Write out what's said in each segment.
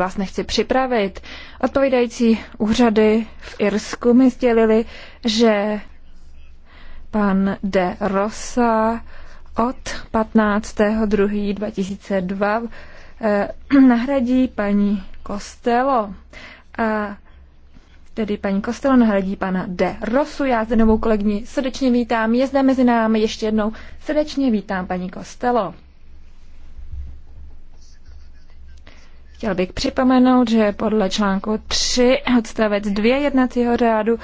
vás nechci připravit. Odpovídající úřady v Irsku mi sdělili, že pan de Rosa od 15.2.2002 eh, nahradí paní Kostelo. A tedy paní Kostelo nahradí pana de Rosu. Já zde novou kolegyni srdečně vítám. Je zde mezi námi ještě jednou. Srdečně vítám paní Kostelo. Chtěl bych připomenout, že podle článku 3 odstavec 2 jednacího řádu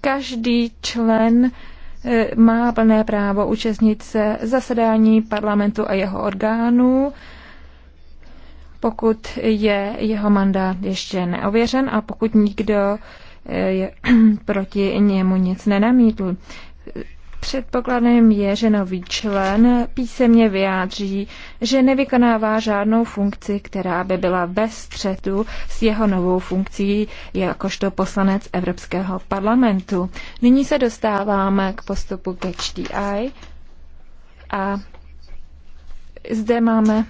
každý člen eh, má plné právo účastnit se zasedání parlamentu a jeho orgánů, pokud je jeho mandát ještě neověřen a pokud nikdo eh, je proti němu nic nenamítl. Předpokladem je, že nový člen písemně vyjádří, že nevykonává žádnou funkci, která by byla ve střetu s jeho novou funkcí jakožto poslanec Evropského parlamentu. Nyní se dostáváme k postupu k HDI a zde máme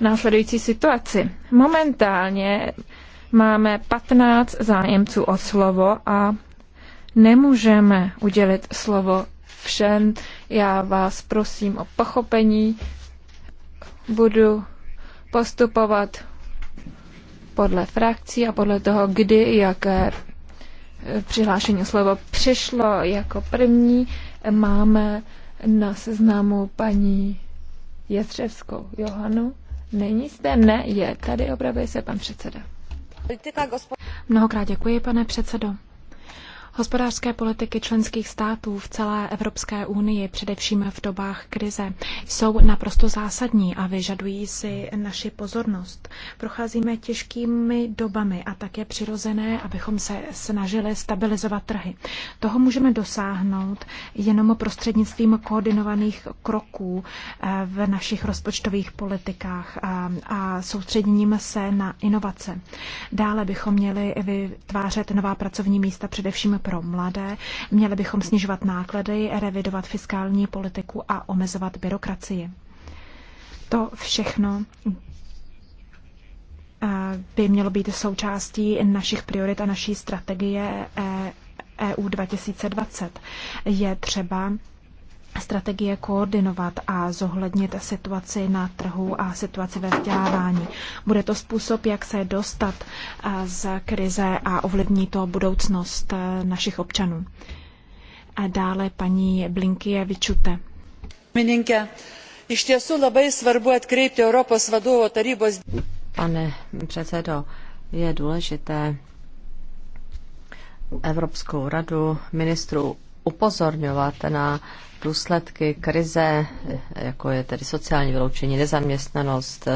následující situaci. Momentálně máme 15 zájemců o slovo a nemůžeme udělit slovo všem. Já vás prosím o pochopení. Budu postupovat podle frakcí a podle toho, kdy, jaké e, přihlášení slovo přišlo. Jako první máme na seznamu paní Jetřevskou Johanu. Není zde? Ne, je. Tady opravuje se pan předseda. Mnohokrát děkuji, pane předsedo. Hospodářské politiky členských států v celé Evropské unii, především v dobách krize, jsou naprosto zásadní a vyžadují si naši pozornost. Procházíme těžkými dobami a tak je přirozené, abychom se snažili stabilizovat trhy. Toho můžeme dosáhnout jenom prostřednictvím koordinovaných kroků eh, v našich rozpočtových politikách eh, a soustředěním se na inovace. Dále bychom měli vytvářet nová pracovní místa především pro mladé. Měli bychom snižovat náklady, revidovat fiskální politiku a omezovat byrokracii. To všechno eh, by mělo být součástí našich priorit a naší strategie EU eh, e- e 2020. Je třeba strategie koordinovat a zohlednit situaci na trhu a situaci ve vzdělávání. Bude to způsob, jak se dostat eh, z krize a ovlivní to budoucnost eh, našich občanů. A dále paní Blinky, je Vyčute. Mininke, iš tiesų labai svarbu atkreipti Europos vadovo tarybos. Pane předsedo, je důležité Evropskou radu ministrů upozorňovat na důsledky krize, jako je tedy sociální vyloučení, nezaměstnanost,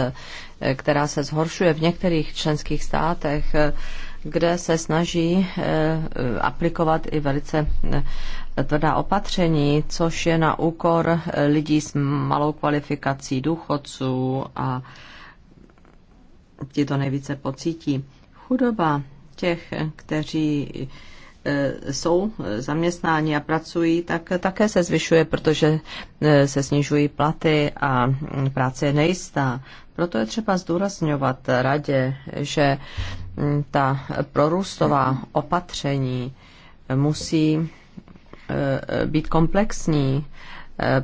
která se zhoršuje v některých členských státech, kde se snaží eh, aplikovat i velice eh, tvrdá opatření, což je na úkor lidí s malou kvalifikací, důchodců a ti to nejvíce pocítí. Chudoba těch, kteří Eh, jsou zaměstnáni a pracují, tak také se zvyšuje, protože eh, se snižují platy a mm, práce je nejistá. Proto je třeba zdůrazňovat radě, že mm, ta prorůstová opatření musí eh, být komplexní,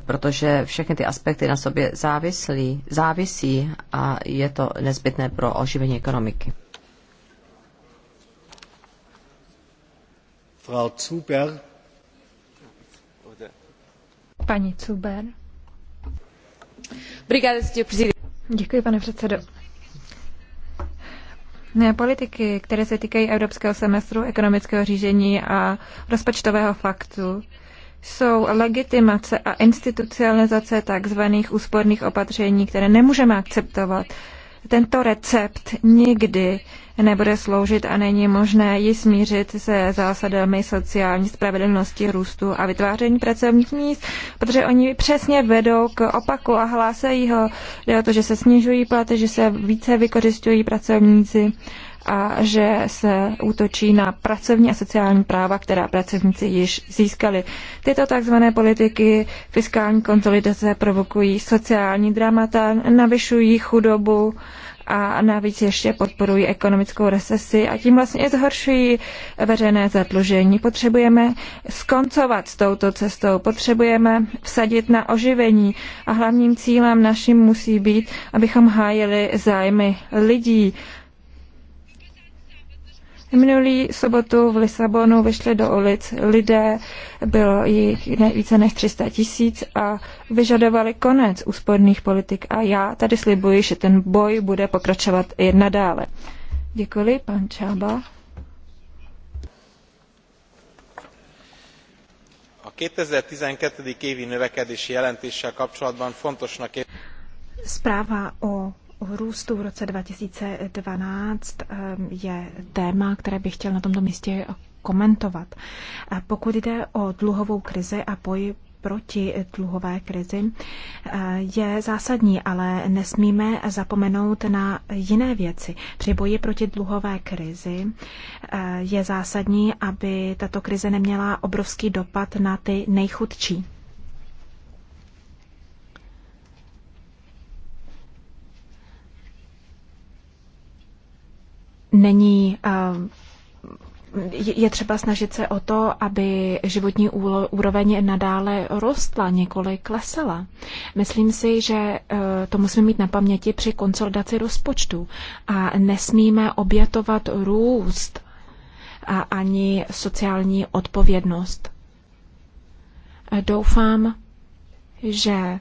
protože všechny ty aspekty na sobě závislí, závisí a je to nezbytné pro oživení ekonomiky. pane předsedo. Ne, politiky, které se týkají evropského semestru, ekonomického řízení a rozpočtového faktu, jsou legitimace a institucionalizace takzvaných úsporných opatření, které nemůžeme akceptovat. Tento recept nikdy nebude sloužit a není možné ji smířit se zásadami sociální spravedlnosti, růstu a vytváření pracovních míst, protože oni přesně vedou k opaku a hlásají ho. Jde o to, že se snižují platy, že se více vykořišťují pracovníci a že se útočí na pracovní a sociální práva, která pracovníci již získali. Tyto tzv. politiky fiskální konsolidace provokují sociální dramata, navyšují chudobu a navíc ještě podporují ekonomickou recesi a tím vlastně i zhoršují veřejné zadlužení. Potřebujeme skoncovat s touto cestou, potřebujeme vsadit na oživení a hlavním cílem naším musí být, abychom hájili zájmy lidí Minulý sobotu v Lisabonu vyšli do ulic lidé, bylo jich více než 300 tisíc a vyžadovali konec úsporných politik a já tady slibuji, že ten boj bude pokračovat i nadále. Děkuji, pan Čába. A 2012 évi növekedési jelentéssel kapcsolatban fontosnak Zpráva o růstu v roce 2012 ehm, je téma, které bych chtěl na tomto místě komentovat. Pokud jde o dluhovou krizi a boj proti dluhové krizi eh, je zásadní, ale nesmíme zapomenout na jiné věci. Při boji proti dluhové krizi eh, je zásadní, aby tato krize neměla obrovský dopad na ty nejchudší. není eh, je třeba snažit se o to, aby životní úroveň nadále rostla, nikoli klesala. Myslím si, že eh, to musíme mít na paměti při konsolidaci rozpočtu a nesmíme obětovat růst a ani sociální odpovědnost. Eh, doufám, že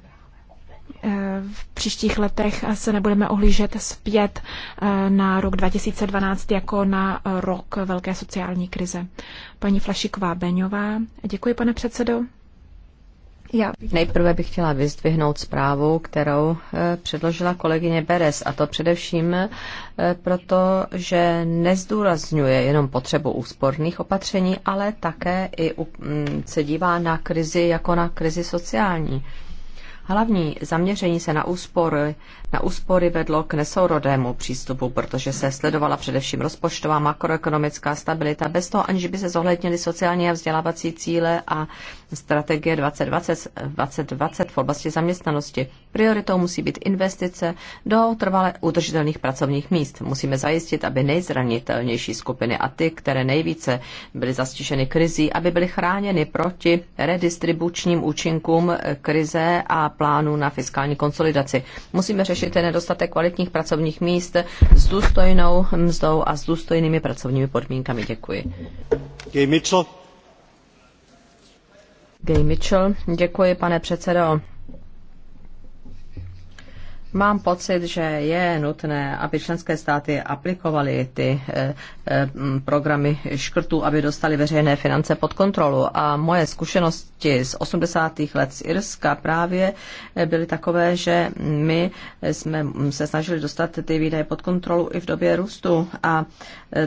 Eh, v příštích letech se nebudeme ohlížet zpět eh, na rok 2012 jako na rok velké sociální krize. Paní Flašiková Beňová, děkuji pane předsedo. Já. Nejprve bych chtěla vyzdvihnout zprávu, kterou eh, předložila kolegyně Beres, a to především proto, že nezdůrazňuje jenom potřebu úsporných opatření, ale také i se dívá na krizi jako na krizi sociální Hlavní zaměření se na úspory, na úspory vedlo k nesourodému přístupu, protože se sledovala především rozpočtová makroekonomická stabilita, bez toho aniž by se zohlednily sociální a vzdělávací cíle a strategie 2020, 2020 v oblasti zaměstnanosti. Prioritou musí být investice do trvale udržitelných pracovních míst. Musíme zajistit, aby nejzranitelnější skupiny a ty, které nejvíce byly zastiženy krizí, aby byly chráněny proti redistribučním účinkům krize a plánu na fiskální konsolidaci. Musíme řešit ten nedostatek kvalitních pracovních míst s důstojnou mzdou a s důstojnými pracovními podmínkami. Děkuji. Gay Mitchell. Gay Mitchell, děkuji, pane předsedo. Mám pocit, že je nutné, aby členské státy aplikovaly ty eh, eh, programy škrtů, aby dostali veřejné finance pod kontrolu. A moje zkušenosti z 80. let z Irska právě eh, byly takové, že my jsme se snažili dostat ty výdaje pod kontrolu i v době růstu. A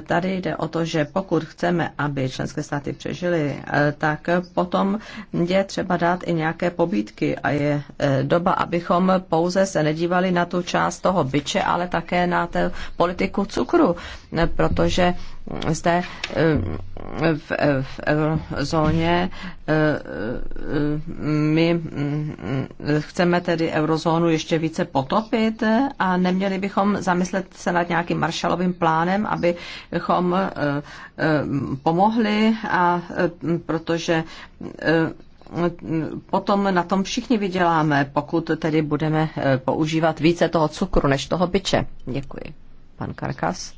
Tady jde o to, že pokud chceme, aby členské státy přežily, eh, tak potom je třeba dát i nějaké pobídky a je eh, doba, abychom pouze se nedívali na tu část toho byče, ale také na tu politiku cukru, eh, protože zde eh, v, eh, v eurozóně eh, my mm, chceme tedy eurozónu ještě více potopit a neměli bychom zamyslet se nad nějakým maršalovým plánem, abychom pomohli a protože potom na tom všichni vyděláme, pokud tedy budeme používat více toho cukru než toho byče. Děkuji. Pan Karkas.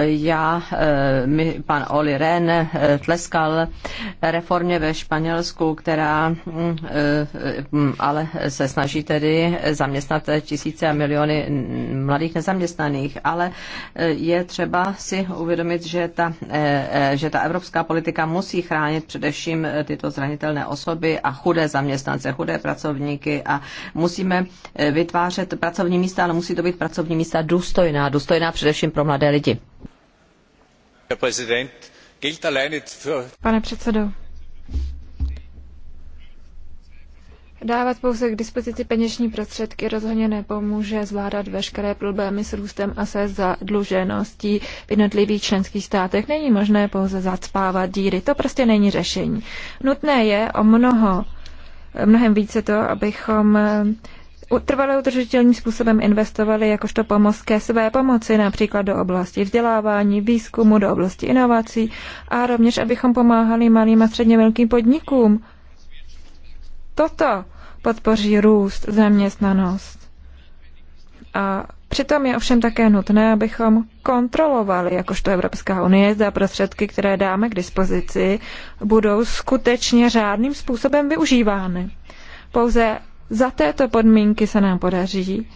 já, eh, mi, pan Oli Ren eh, tleskal reformě ve Španělsku, která mm, eh, mm, ale se snaží tedy zaměstnat tisíce a miliony mladých nezaměstnaných, ale je třeba si uvědomit, že ta, že ta evropská politika musí chránit především tyto zranitelné osoby a chudé zaměstnance, chudé pracovníky a musíme vytvářet pracovní místa, ale musí to být pracovní místa důstojná, důstojná především pro mladé lidi Pane předsedo, Dávat pouze k dispozici peněžní prostředky rozhodně nepomůže zvládat veškeré problémy s růstem a se zadlužeností v jednotlivých členských státech. Není možné pouze zacpávat díry, to prostě není řešení. Nutné je o mnoho, mnohem více to, abychom trvale udržitelným způsobem investovali jakožto pomoc ke své pomoci, například do oblasti vzdělávání, výzkumu, do oblasti inovací a rovněž, abychom pomáhali malým a středně velkým podnikům. Toto podpoří růst, zaměstnanost. A Přitom je ovšem také nutné, abychom kontrolovali, jakožto Evropská unie, zda prostředky, které dáme k dispozici, budou skutečně řádným způsobem využívány. Pouze za této podmínky se nám podaří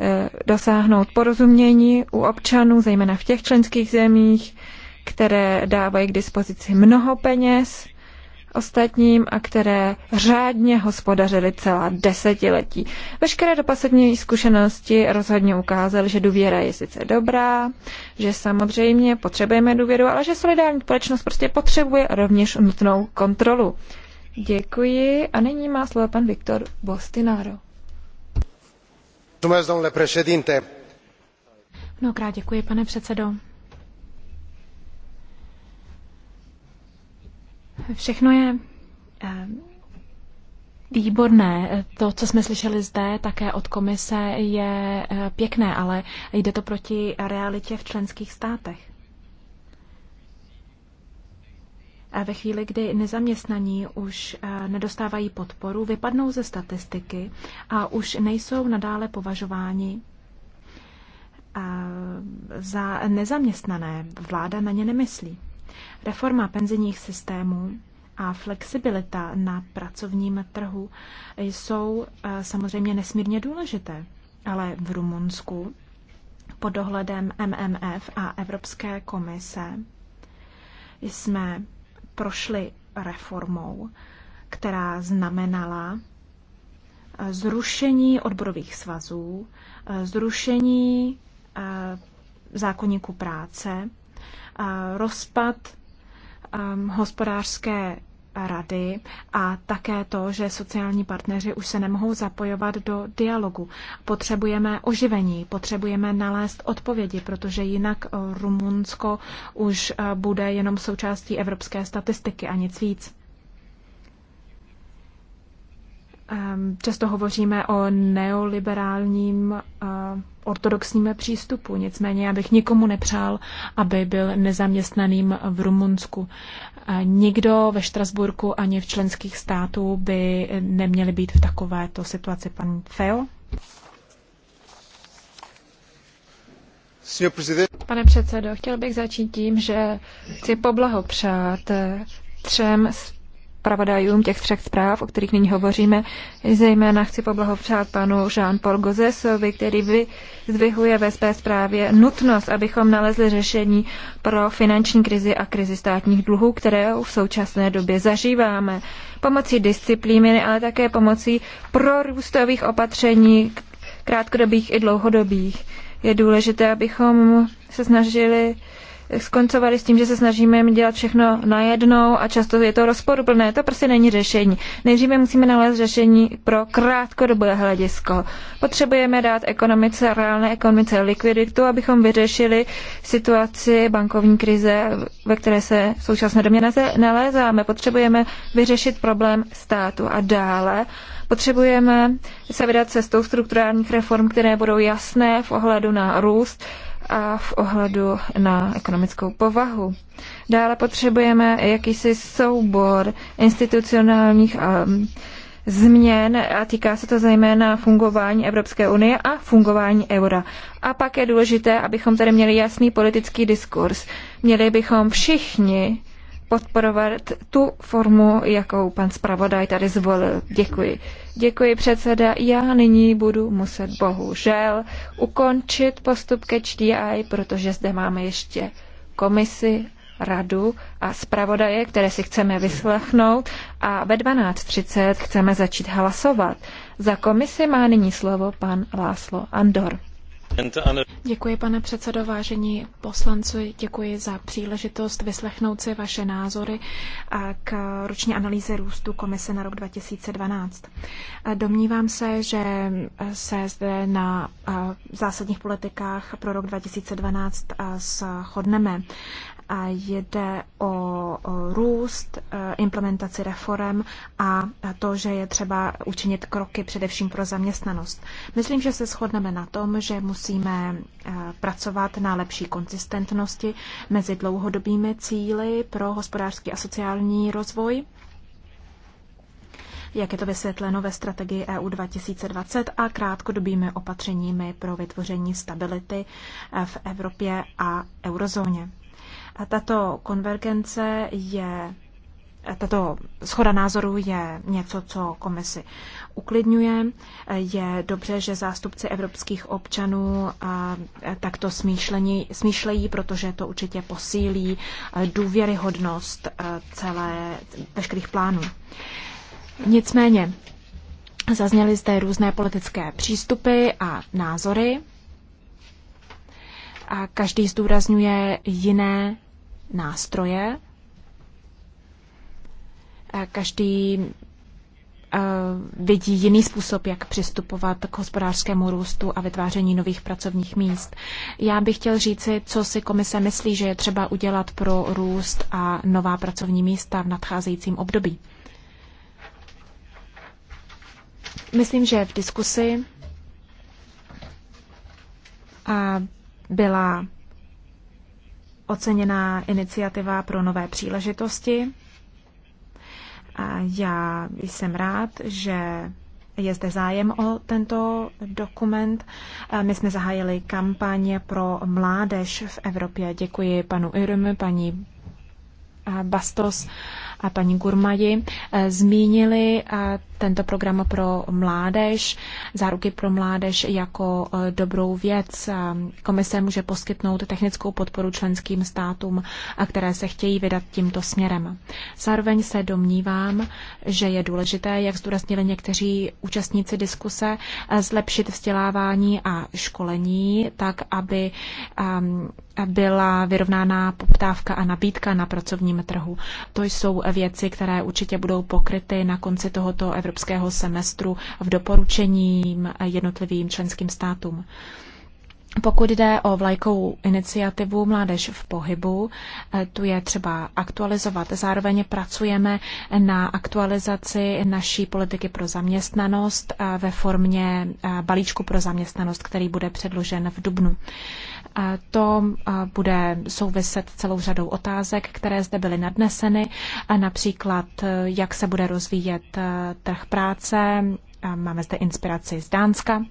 eh, dosáhnout porozumění u občanů, zejména v těch členských zemích, které dávají k dispozici mnoho peněz ostatním a které řádně hospodařily celá desetiletí. Veškeré dopasední zkušenosti rozhodně ukázaly, že důvěra je sice dobrá, že samozřejmě potřebujeme důvěru, ale že solidární společnost prostě potřebuje rovněž nutnou kontrolu. Děkuji a nyní má slovo pan Viktor Bostinaro. Domnule președinte. Mnohokrát děkuji, pane předsedo. Všechno je eh, Výborné. To, co jsme slyšeli zde, také od komise, je eh, pěkné, ale jde to proti realitě v členských státech. ve chvíli, kdy nezaměstnaní už eh, nedostávají podporu, vypadnou ze statistiky a už nejsou nadále považováni eh, za nezaměstnané. Vláda na ně nemyslí. Reforma penzijních systémů a flexibilita na pracovním trhu jsou eh, samozřejmě nesmírně důležité, ale v Rumunsku pod dohledem MMF a Evropské komise jsme prošli reformou, která znamenala eh, zrušení odborových svazů, eh, zrušení eh, zákonníku práce, rozpad hospodářské rady a také to, že sociální partneři už se nemohou zapojovat do dialogu. Potřebujeme oživení, potřebujeme nalézt odpovědi, protože jinak eh, Rumunsko už eh, bude jenom součástí evropské statistiky a nic víc. Ehm, často hovoříme o neoliberálním eh, ortodoxním přístupu, nicméně já bych nikomu nepřál, aby byl nezaměstnaným v Rumunsku. Eh, nikdo ve Štrasburku ani v členských států by neměli být v takovéto situaci. Pan Feo? Pane předsedo, chtěl bych začít tím, že chci poblahopřát eh, třem z zpravodajům těch třech zpráv, o kterých nyní hovoříme. Zejména chci poblahopřát panu Jean-Paul Gozesovi, který vyzdvihuje ve své zprávě nutnost, abychom nalezli řešení pro finanční krizi a krizi státních dluhů, které v současné době zažíváme. Pomocí disciplíny, ale také pomocí prorůstových opatření, krátkodobých i dlouhodobých. Je důležité, abychom se snažili skoncovali s tím, že se snažíme dělat všechno najednou a často je to rozporuplné. To prostě není řešení. Nejdříve musíme nalézt řešení pro krátkodobé hledisko. Potřebujeme dát ekonomice, reálné ekonomice likviditu, abychom vyřešili situaci bankovní krize, ve které se v současné domě nalézáme. Potřebujeme vyřešit problém státu a dále potřebujeme se vydat cestou strukturálních reform, které budou jasné v ohledu na růst, a v ohledu na ekonomickou povahu. Dále potřebujeme jakýsi soubor institucionálních um, změn a týká se to zejména fungování Evropské unie a fungování eura. A pak je důležité, abychom tady měli jasný politický diskurs. Měli bychom všichni podporovat tu formu, jakou pan zpravodaj tady zvolil. Děkuji. Děkuji předseda. Já nyní budu muset bohužel ukončit postup ke HDI, protože zde máme ještě komisi, radu a zpravodaje, které si chceme vyslechnout a ve 12.30 chceme začít hlasovat. Za komisi má nyní slovo pan Láslo Andor. Děkuji, pane předsedo, vážení poslanci, děkuji za příležitost vyslechnout si vaše názory k roční analýze růstu komise na rok 2012. Domnívám se, že se zde na zásadních politikách pro rok 2012 shodneme. A jde o růst, e, implementaci reform a to, že je třeba učinit kroky především pro zaměstnanost. Myslím, že se shodneme na tom, že musíme e, pracovat na lepší konzistentnosti mezi dlouhodobými cíly pro hospodářský a sociální rozvoj jak je to vysvětleno ve strategii EU 2020 a krátkodobými opatřeními pro vytvoření stability e, v Evropě a eurozóně. A tato konvergence je, tato schoda názoru je něco, co komisi uklidňuje. Je dobře, že zástupci evropských občanů takto smýšlení, smýšlejí, protože to určitě posílí důvěryhodnost celé, veškerých plánů. Nicméně, Zazněly zde různé politické přístupy a názory a každý zdůrazňuje jiné nástroje. Eh, každý eh, vidí jiný způsob, jak přistupovat k hospodářskému růstu a vytváření nových pracovních míst. Já bych chtěl říci, co si komise myslí, že je třeba udělat pro růst a nová pracovní místa v nadcházejícím období. Myslím, že v diskusi eh, byla oceněná iniciativa pro nové příležitosti. A já jsem rád, že je zde zájem o tento dokument. My jsme zahájili kampaně pro mládež v Evropě. Děkuji panu Irm, paní Bastos a paní Gurmaji eh, zmínili eh, tento program pro mládež, záruky pro mládež jako eh, dobrou věc. Komise může poskytnout technickou podporu členským státům, a které se chtějí vydat tímto směrem. Zároveň se domnívám, že je důležité, jak zdůraznili někteří účastníci diskuse, zlepšit vzdělávání a školení tak, aby ehm, byla vyrovnána poptávka a nabídka na pracovním trhu. To jsou věci, které určitě budou pokryty na konci tohoto evropského semestru v doporučením jednotlivým členským státům. Pokud jde o vlajkovou iniciativu Mládež v pohybu, eh, tu je třeba aktualizovat. Zároveň pracujeme na aktualizaci naší politiky pro zaměstnanost eh, ve formě eh, balíčku pro zaměstnanost, který bude předložen v Dubnu. To bude souviset celou řadou otázek, které zde byly nadneseny, například e, jak se bude rozvíjet e, trh práce, Máme zde inspiraci z Dánska.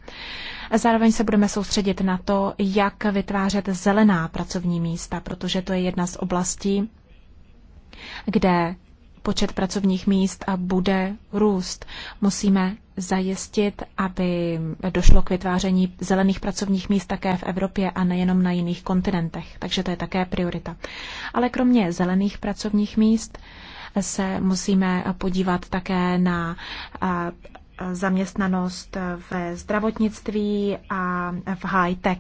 Zároveň se budeme soustředit na to, jak vytvářet zelená pracovní místa, protože to je jedna z oblastí, kde počet pracovních míst a bude růst. Musíme zajistit, aby došlo k vytváření zelených pracovních míst také v Evropě a nejenom na jiných kontinentech. Takže to je také priorita. Ale kromě zelených pracovních míst se musíme podívat také na zaměstnanost ve zdravotnictví a v high-tech.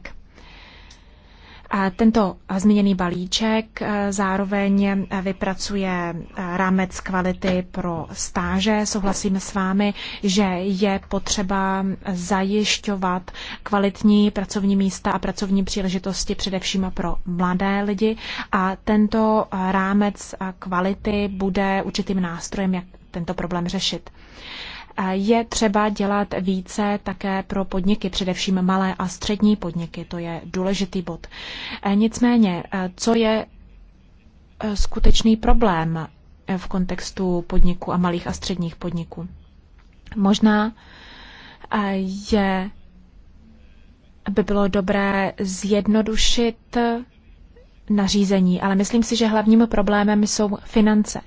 Tento zmíněný balíček eh, zároveň eh, vypracuje eh, rámec kvality pro stáže. Souhlasím s vámi, že je potřeba zajišťovat kvalitní pracovní místa a pracovní příležitosti především pro mladé lidi a tento rámec kvality bude určitým nástrojem, jak tento problém řešit. Je třeba dělat více také pro podniky, především malé a střední podniky, to je důležitý bod. E, nicméně, e, co je e, skutečný problém v kontextu podniků a malých a středních podniků? Možná je, by bylo dobré zjednodušit nařízení, ale myslím si, že hlavním problémem jsou finance.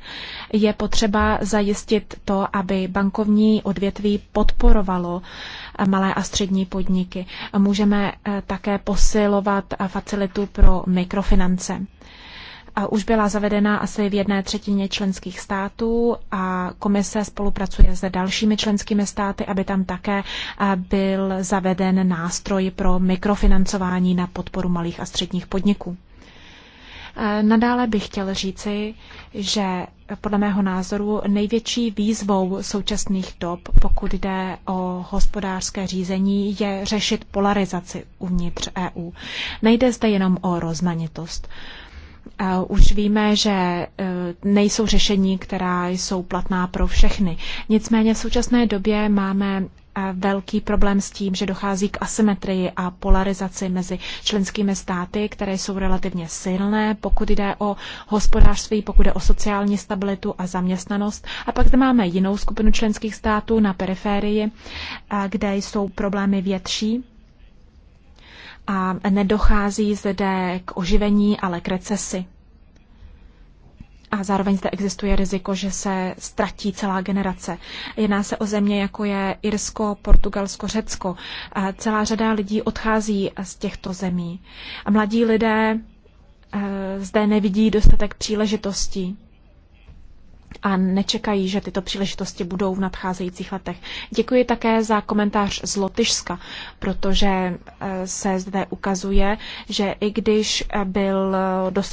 Je potřeba zajistit to, aby bankovní odvětví podporovalo eh, malé a střední podniky. Můžeme eh, také posilovat eh, facilitu pro mikrofinance. Už byla zavedena asi v jedné třetině členských států a komise spolupracuje s dalšími členskými státy, aby tam také byl zaveden nástroj pro mikrofinancování na podporu malých a středních podniků. E, nadále bych chtěl říci, že podle mého názoru největší výzvou současných dob, pokud jde o hospodářské řízení, je řešit polarizaci uvnitř EU. Nejde zde jenom o rozmanitost. E, už víme, že e, nejsou řešení, která jsou platná pro všechny. Nicméně v současné době máme velký problém s tím, že dochází k asymetrii a polarizaci mezi členskými státy, které jsou relativně silné, pokud jde o hospodářství, pokud jde o sociální stabilitu a zaměstnanost. A pak zde máme jinou skupinu členských států na periferii, kde jsou problémy větší a nedochází zde k oživení, ale k recesi a zároveň zde existuje riziko, že se ztratí celá generace. Jedná se o země, jako je Irsko, Portugalsko, Řecko. A celá řada lidí odchází z těchto zemí. A mladí lidé eh, zde nevidí dostatek příležitostí a nečekají, že tyto příležitosti budou v nadcházejících letech. Děkuji také za komentář z Lotyšska, protože eh, se zde ukazuje, že i když eh, byl,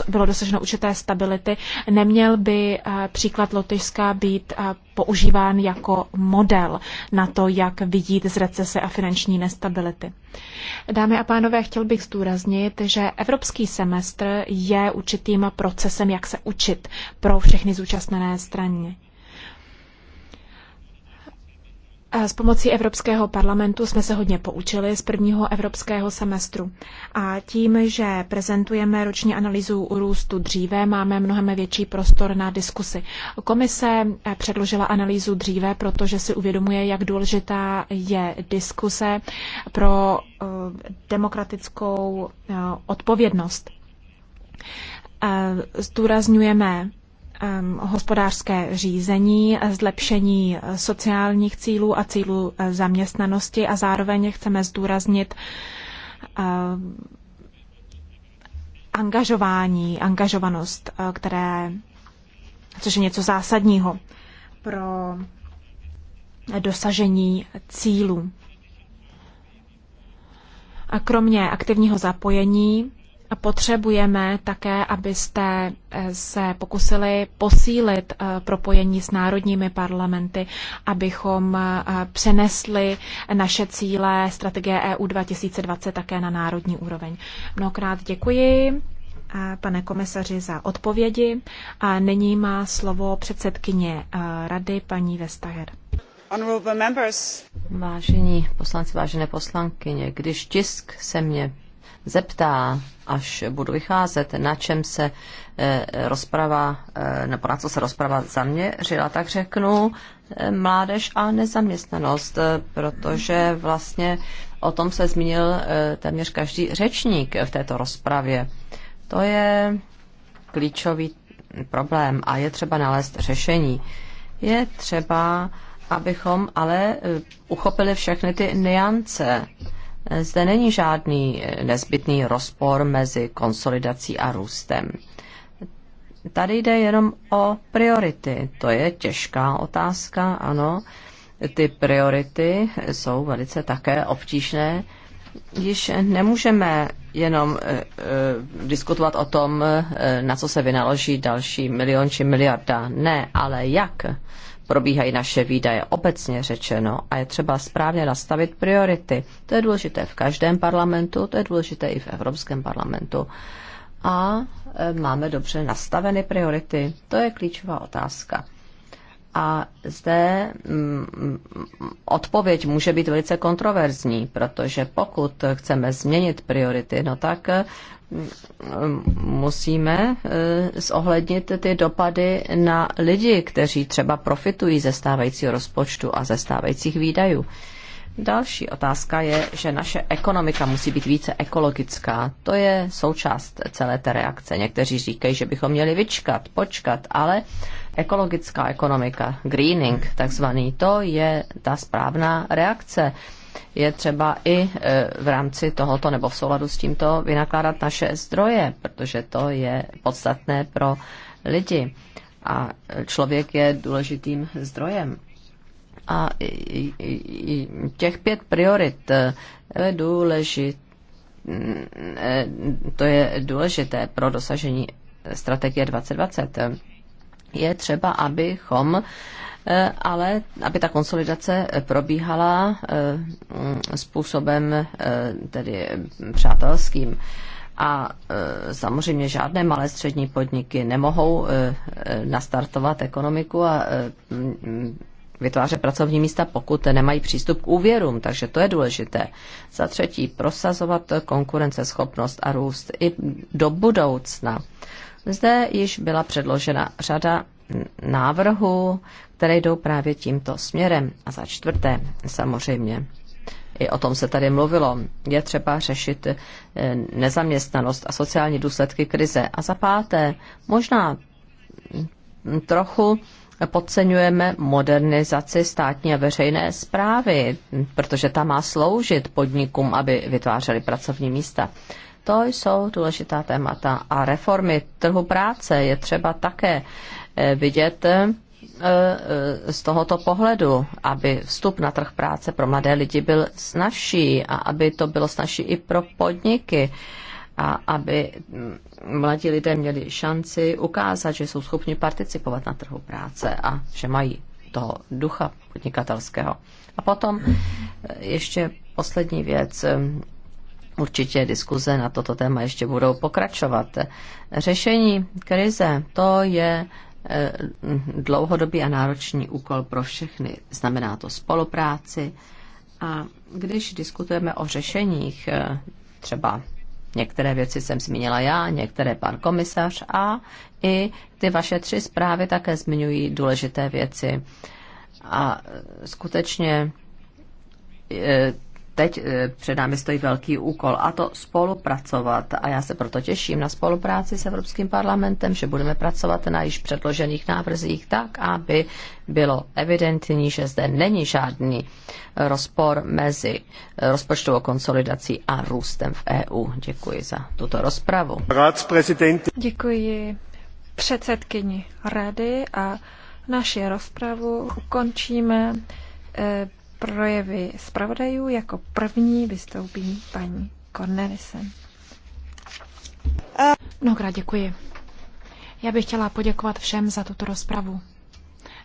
bylo dosaženo určité stability, neměl by eh, příklad Lotyšska být používán jako model na to, jak vidít z recese a finanční nestability. Dámy a pánové, chtěl bych zdůraznit, že evropský semestr je určitým procesem, jak se učit pro všechny zúčastněné jednostranně. S pomocí Evropského parlamentu jsme se hodně poučili z prvního evropského semestru. A tím, že prezentujeme roční analýzu růstu dříve, máme mnohem větší prostor na diskusy. Komise předložila analýzu dříve, protože si uvědomuje, jak důležitá je diskuse pro eh, demokratickou eh, odpovědnost. Eh, zdůrazňujeme Um, hospodářské řízení, zlepšení sociálních cílů a cílů eh, zaměstnanosti a zároveň chceme zdůraznit eh, angažování, angažovanost, eh, které, což je něco zásadního pro dosažení cílů. A kromě aktivního zapojení a potřebujeme také, abyste eh, se pokusili posílit eh, propojení s národními parlamenty, abychom eh, přenesli naše cíle strategie EU 2020 také na národní úroveň. Mnohokrát děkuji pane komisaři za odpovědi a nyní má slovo předsedkyně rady paní Vestager. Vážení poslanci, vážené poslankyně, když tisk se mě zeptá, až budu vycházet, na čem se eh, rozprava, eh, nebo na co se rozprava zaměřila, tak řeknu eh, mládež a nezaměstnanost, protože vlastně o tom se zmínil téměř každý řečník v této rozpravě. To je klíčový problém a je třeba nalézt řešení. Je třeba, abychom ale uchopili všechny ty niance zde není žádný nezbytný rozpor mezi konsolidací a růstem. Tady jde jenom o priority. To je těžká otázka, ano. Ty priority jsou velice také obtížné. Již nemůžeme jenom e, e, diskutovat o tom, e, na co se vynaloží další milion či miliarda. Ne, ale jak probíhají naše výdaje, obecně řečeno, a je třeba správně nastavit priority. To je důležité v každém parlamentu, to je důležité i v Evropském parlamentu. A e, máme dobře nastaveny priority, to je klíčová otázka. A zde mm, mm, odpověď může být velice kontroverzní, protože pokud chceme změnit priority, no tak mm, musíme e, zohlednit ty dopady na lidi, kteří třeba profitují ze stávajícího rozpočtu a ze stávajících výdajů. Další otázka je, že naše ekonomika musí být více ekologická. To je součást celé té reakce. Někteří říkají, že bychom měli vyčkat, počkat, ale ekologická ekonomika, greening takzvaný, to je ta správná reakce. Je třeba i e, v rámci tohoto nebo v souladu s tímto vynakládat naše zdroje, protože to je podstatné pro lidi. A člověk je důležitým zdrojem a těch pět priorit je důležit, e, to je důležité pro dosažení strategie 2020 je třeba, abychom eh, ale aby ta konsolidace probíhala eh, způsobem eh, tedy přátelským. A samozřejmě žádné malé střední podniky nemohou nastartovat ekonomiku a vytvářet pracovní místa, pokud nemají přístup k úvěrům, takže to je důležité. Za třetí, prosazovat konkurenceschopnost a růst i do budoucna. Zde již byla předložena řada návrhů, které jdou právě tímto směrem. A za čtvrté, samozřejmě, i o tom se tady mluvilo, je třeba řešit eh, nezaměstnanost a sociální důsledky krize. A za páté, možná trochu podceňujeme modernizaci státní a veřejné zprávy, protože ta má sloužit podnikům, aby vytvářely pracovní místa. To jsou důležitá témata. A reformy trhu práce je třeba také eh, vidět eh, eh, z tohoto pohledu, aby vstup na trh práce pro mladé lidi byl snažší a aby to bylo snažší i pro podniky a aby mladí lidé měli šanci ukázat, že jsou schopni participovat na trhu práce a že mají toho ducha podnikatelského. A potom ještě poslední věc. Určitě diskuze na toto téma ještě budou pokračovat. Řešení krize, to je eh, dlouhodobý a náročný úkol pro všechny. Znamená to spolupráci. A když diskutujeme o řešeních, eh, třeba Některé věci jsem zmínila já, některé pan komisař a i ty vaše tři zprávy také zmiňují důležité věci. A skutečně eh, teď eh, před námi stojí velký úkol a to spolupracovat. A já se proto těším na spolupráci s Evropským parlamentem, že budeme pracovat na již předložených návrzích tak, aby bylo evidentní, že zde není žádný rozpor mezi rozpočtovou konsolidací a růstem v EU. Děkuji za tuto rozpravu. Děkuji předsedkyni rady a naši rozpravu ukončíme eh, projevy zpravodajů. Jako první vystoupí paní Cornelisen. Mnohokrát děkuji. Já bych chtěla poděkovat všem za tuto rozpravu.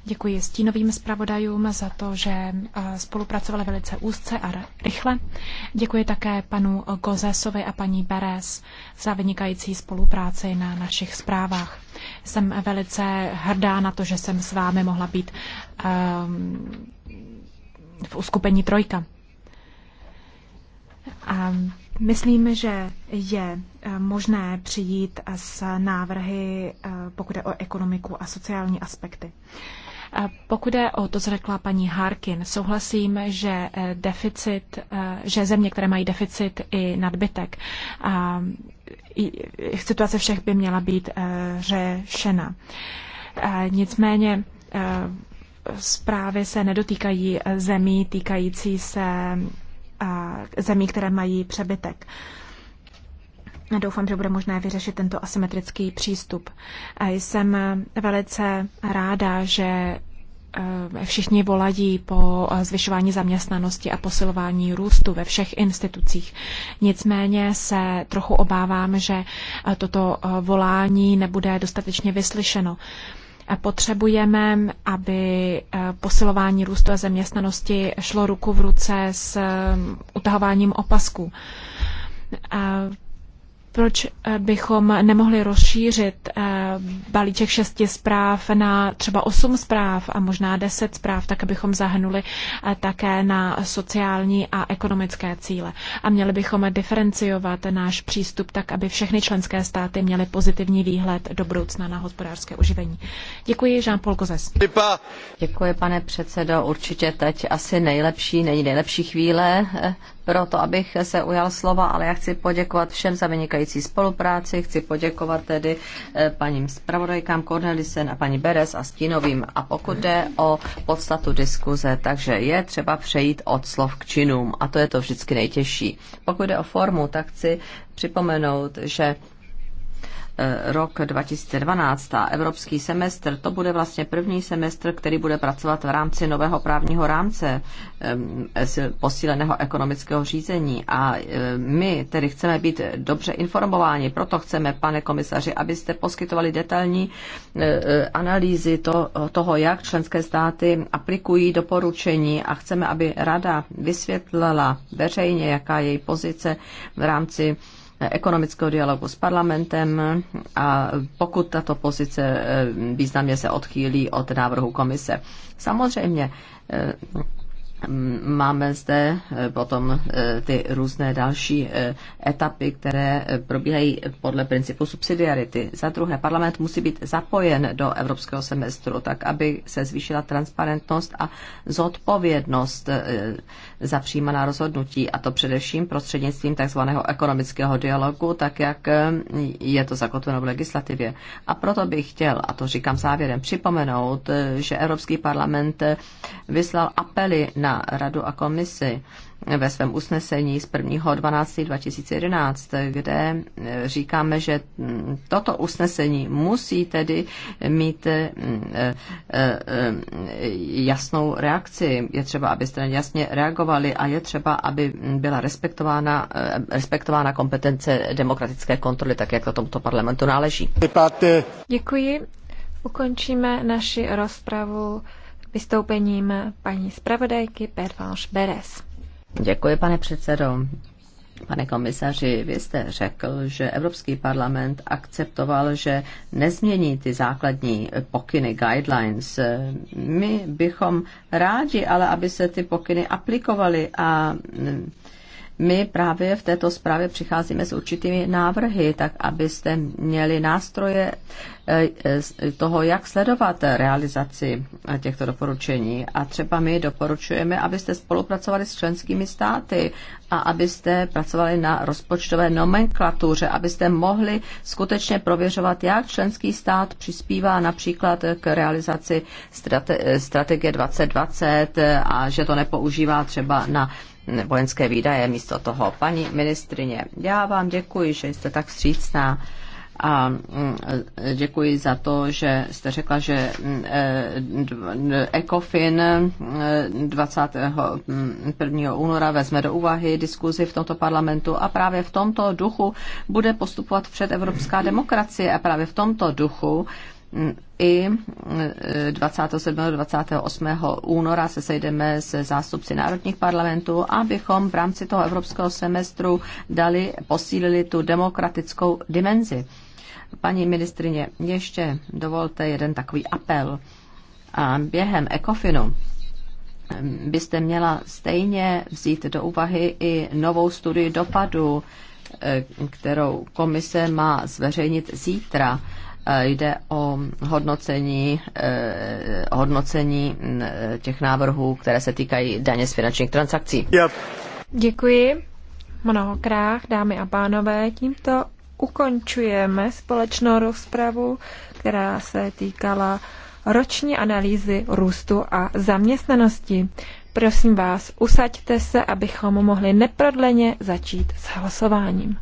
Děkuji stínovým zpravodajům za to, že eh, spolupracovali velice úzce a rychle. Děkuji také panu Gozesovi a paní Beres za vynikající spolupráci na našich zprávách. Jsem velice hrdá na to, že jsem s vámi mohla být um, v uskupení Trojka. A myslím, že je e, možné přijít s návrhy, e, pokud je o ekonomiku a sociální aspekty. Pokud je o to, co řekla paní Harkin, souhlasím, že e, deficit, že země, které mají deficit i nadbytek, situace všech by měla být řešena. Nicméně zprávy se nedotýkají zemí týkající se zemí, které mají přebytek. Doufám, že bude možné vyřešit tento asymetrický přístup. Jsem velice ráda, že e, všichni volají po zvyšování zaměstnanosti a posilování růstu ve všech institucích. Nicméně se trochu obávám, že e, toto e, volání nebude dostatečně vyslyšeno. Potřebujeme, aby eh, posilování růstu a zaměstnanosti šlo ruku v ruce s eh, utahováním opasků. Eh, proč eh, bychom nemohli rozšířit eh, balíček šesti zpráv na třeba osm zpráv a možná deset zpráv, tak abychom zahnuli eh, také na sociální a ekonomické cíle. A měli bychom diferenciovat náš přístup tak, aby všechny členské státy měly pozitivní výhled do budoucna na hospodářské oživení. Děkuji, Jean-Paul Gozes. Děkuji, pane předsedo. Určitě teď asi nejlepší, není nejlepší chvíle proto abych se ujal slova, ale já chci poděkovat všem za vynikající spolupráci, chci poděkovat tedy eh, paním zpravodajkám Cornelisen a paní Beres a Stínovým. A pokud jde o podstatu diskuze, takže je třeba přejít od slov k činům a to je to vždycky nejtěžší. Pokud jde o formu, tak chci připomenout, že Eh, rok 2012 a evropský semestr, to bude vlastně první semestr, který bude pracovat v rámci nového právního rámce eh, posíleného ekonomického řízení. A eh, my tedy chceme být dobře informováni, proto chceme, pane komisaři, abyste poskytovali detailní analýzy toho, jak členské státy aplikují doporučení a chceme, aby rada vysvětlila veřejně, jaká je její pozice v rámci ekonomického dialogu s parlamentem a pokud tato pozice eh, významně se odchýlí od návrhu komise. Samozřejmě eh, Mm, máme zde eh, potom eh, ty různé další eh, etapy, které probíhají podle principu subsidiarity. Za druhé, parlament musí být zapojen do evropského semestru, tak aby se zvýšila transparentnost a zodpovědnost za přijímaná rozhodnutí, a to především prostřednictvím tzv. ekonomického dialogu, tak jak je to zakotveno v legislativě. A proto bych chtěl, a to říkám závěrem, připomenout, že Evropský parlament vyslal apely na na radu a komisi ve svém usnesení z 1.12.2011, kde eh, říkáme, že mm, toto usnesení musí tedy mít eh, eh, jasnou reakci. Je třeba, aby strany jasně reagovaly a je třeba, aby byla respektována, respektována kompetence demokratické kontroly, tak jak to tomuto parlamentu náleží. Děkuji. Ukončíme naši rozpravu vystoupením paní zpravodajky Pervanš Beres. Děkuji, pane předsedo. Pane komisaři, vy jste řekl, že Evropský parlament akceptoval, že nezmění ty základní pokyny, guidelines. My bychom rádi, ale aby se ty pokyny aplikovaly a my právě v této zprávě přicházíme s určitými návrhy, tak abyste měli nástroje eh, eh, toho, jak sledovat realizaci těchto doporučení. A třeba my doporučujeme, abyste spolupracovali s členskými státy a abyste pracovali na rozpočtové nomenklatuře, abyste mohli skutečně prověřovat, jak členský stát přispívá například k realizaci strate- strategie 2020 a že to nepoužívá třeba na vojenské výdaje místo toho. Paní ministrině, já vám děkuji, že jste tak vstřícná a mm, děkuji za to, že jste řekla, že mm, e, ECOFIN 21. Mm, února vezme do úvahy diskuzi v tomto parlamentu a právě v tomto duchu bude postupovat před evropská demokracie a právě v tomto duchu i 27. E, 28. února se sejdeme se zástupci národních parlamentů, abychom v rámci toho evropského semestru dali, posílili tu demokratickou dimenzi. Paní ministrině, ještě dovolte jeden takový apel. A během ECOFINu e, byste měla stejně vzít do úvahy i novou studii dopadu, e, kterou komise má zveřejnit zítra E, jde o hodnocení, e, hodnocení těch návrhů, které se týkají daně z finančních transakcí. Yep. Děkuji mnohokrát, dámy a pánové. Tímto ukončujeme společnou rozpravu, která se týkala roční analýzy růstu a zaměstnanosti. Prosím vás, usaďte se, abychom mohli neprodleně začít s hlasováním.